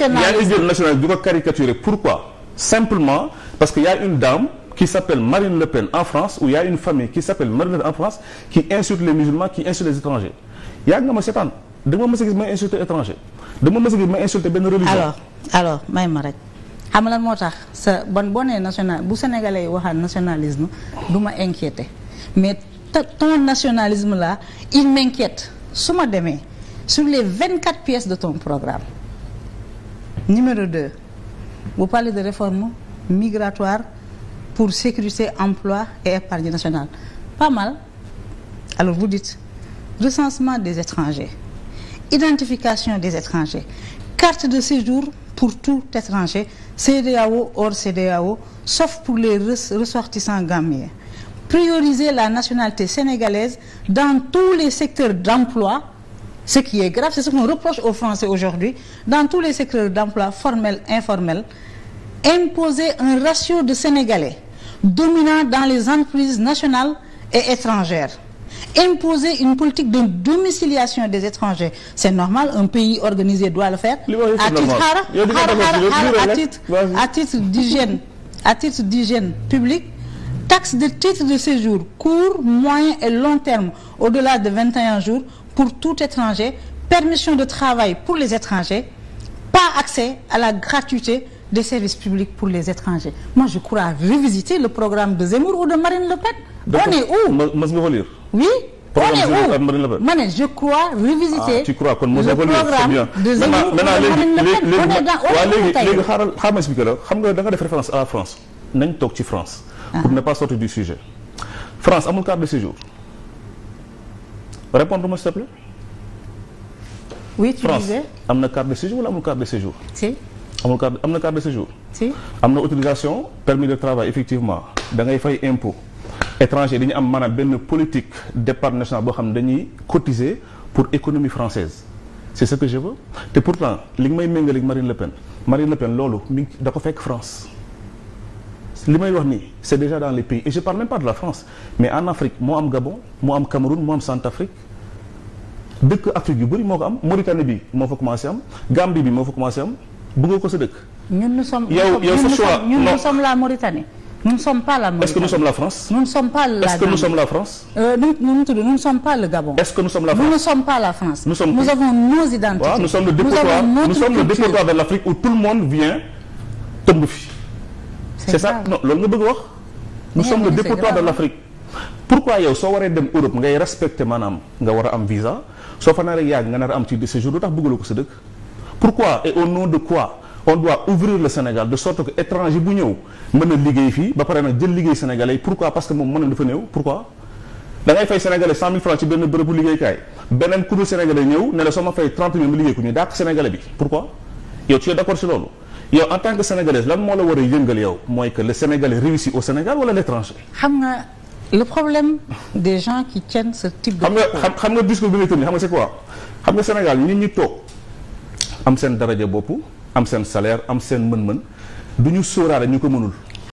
yaa ngi jël nationalisme du ko caricaturer pourquoi simplement parce que y une dame qui s'appelle Marine Le Pen en France ou y a une famille qui s'appelle Marine Le Pen en France qui insulte les musulmans qui insulte les étrangers yaa nga ma seetaan da nga ma mës a gis may insulter étranger da nga ma mës a gis may insulter benn religion. alors may ma rek xam nga lan moo tax sa bon boo national bu sénégalais yi waxaan nationalisme du ma inquiété mais ton nationalisme la il m'inquiète su demee sur les vingt quatre pièces de ton programme. numéro 2 vous parlez de réforme migratoire pour sécurité emploi et épargne nationale pas mal alors vous dites recensement des étrangers identification des étrangers carte de séjour pour tout étranger CEDEAO hors CEDEAO sauf pour les ressortissants gambiens prioriser la nationalité sénégalaise dans tous les secteurs d'emploi Ce qui est grave, c'est ce qu'on reproche aux Français aujourd'hui, dans tous les secteurs d'emploi formels, informels, imposer un ratio de Sénégalais dominant dans les entreprises nationales et étrangères. Imposer une politique de domiciliation des étrangers, c'est normal, un pays organisé doit le faire. À titre, à titre d'hygiène, à taxe de titre de séjour, court, moyen et long terme, au-delà de jours, pour tout étranger, permission de travail pour les étrangers, pas accès à la gratuité des services publics pour les étrangers. Moi, je crois revisiter le programme de Zemmour ou de Marine Le Pen. on est où? Mës nga ko lire? Oui. programme Zemmour ak Marine Le Pen. ma ne je crois revisiter. ah kon mës nga ko lire c'est bien. de Zemmour ou de Marine Le Pen on est dans on est où tey xam nga da nga def référence à la France nañ toog ci France. Ah. pour ne pas sortir du sujet France amul carte de séjour. répondre ma s'il te plaît. France am na carte de séjour wala amul carte de séjour. si. am na carte de séjour. si am na autorisation permis de travail effectivement da ngay fay impôt. étranger dañu am maanaam benn politique départ national boo xam ne dañuy cotiser pour économie française c' est ce que je veux te pourtant li nga may méngale ak Marine Le Pen Marine Le Pen loolu mi da ko fekk France. li may wax nii c'est déjà dans les pays et je parle même pas de la France mais en Afrique moo am Gabon moo am Cameroun moo am Centrafrique dëkk Afrique yu bëri moo ko am Mauritanie bi moo fa commencé am Gambie bi moo fa commencé am bëggoo ko sa dëkk. ñun nous sommes yow yow la Mauritanie. nous ne sommes pas la Mauritanie. Euh, est-ce que nous sommes la France. nous ne sommes pas la est-ce nous sommes la France. nous sommes le Gabon. est que nous sommes la France nous fi. c'est ça non loolu nga bëgg wax nous sommes le dépotoir de l'Afrique pourquoi yow soo waree dem Europe ngay respecté maanaam nga war a am visa soo fa nar a yàgg nga nar am titre de lu tax bëggaloo ko sa dëkk pourquoi et au nom de quoi on doit ouvrir le Sénégal de sorte que étranger bu ñëw mën a liggéey fii ba pare nag jël liggéey sénégalais yi pourquoi parce que moom mën a dafa néew pourquoi da ngay fay sénégalais 100 000 francs ci benn bërëbu liggéeykaay beneen ku yow en tant que sénégalais lan moo la war a yëngal yow mooy que le sénégalais réussit au Sénégal wala l'étranger. xam nga le problème des gens qui tiennent ce type de. xam nga xam nga discours bi nga tënk xam nga c'est quoi xam nga Sénégal nit ñu toog am seen daraja bopp am seen salaire am seen mën-mën du ñu sóoraale ñu ko mënul.